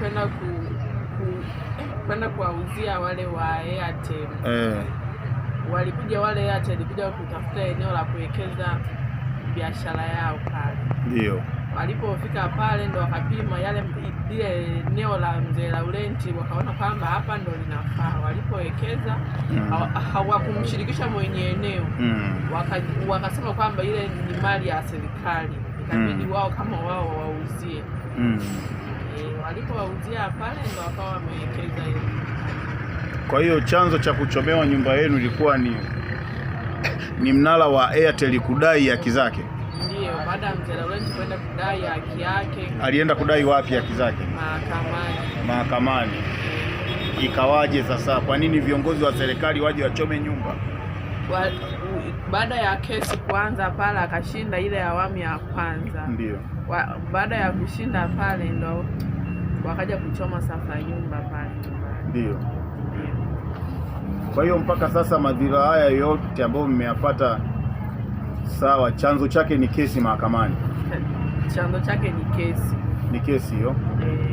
kwenda ku, ku kwenda kuwauzia wale wa Airtel eh. Walikuja wale Airtel walikuja kutafuta eneo la kuwekeza biashara yao pale, ndio walipofika pale ndo wakapima yale ile eneo la mzee Laurenti, wakaona kwamba hapa ndo linafaa. Walipowekeza mm. hawakumshirikisha mm. mwenye eneo mm. Waka, wakasema kwamba ile ni mali ya serikali, ikabidi mm. wao kama wao wauzie mm alipowauzia pale ndo akawa hiyo. Kwa hiyo chanzo cha kuchomewa nyumba yenu ilikuwa ni ni mnala wa Airtel kudai haki zake? Ndio, baada ya mzee wetu kwenda kudai haki yake. Alienda kudai wapi haki zake? Mahakamani. Mahakamani. Ikawaje sasa? Kwa nini viongozi wa serikali waje wachome nyumba? Baada ya kesi kwanza pale, akashinda ile awamu ya kwanza. Ndio, baada ya kushinda pale ndo wakaja kuchoma safa nyumba pale ndio. Kwa hiyo mpaka sasa madhira haya yote ambayo mmeyapata, sawa, chanzo chake ni kesi mahakamani? chanzo chake ni kesi, ni kesi hiyo eh.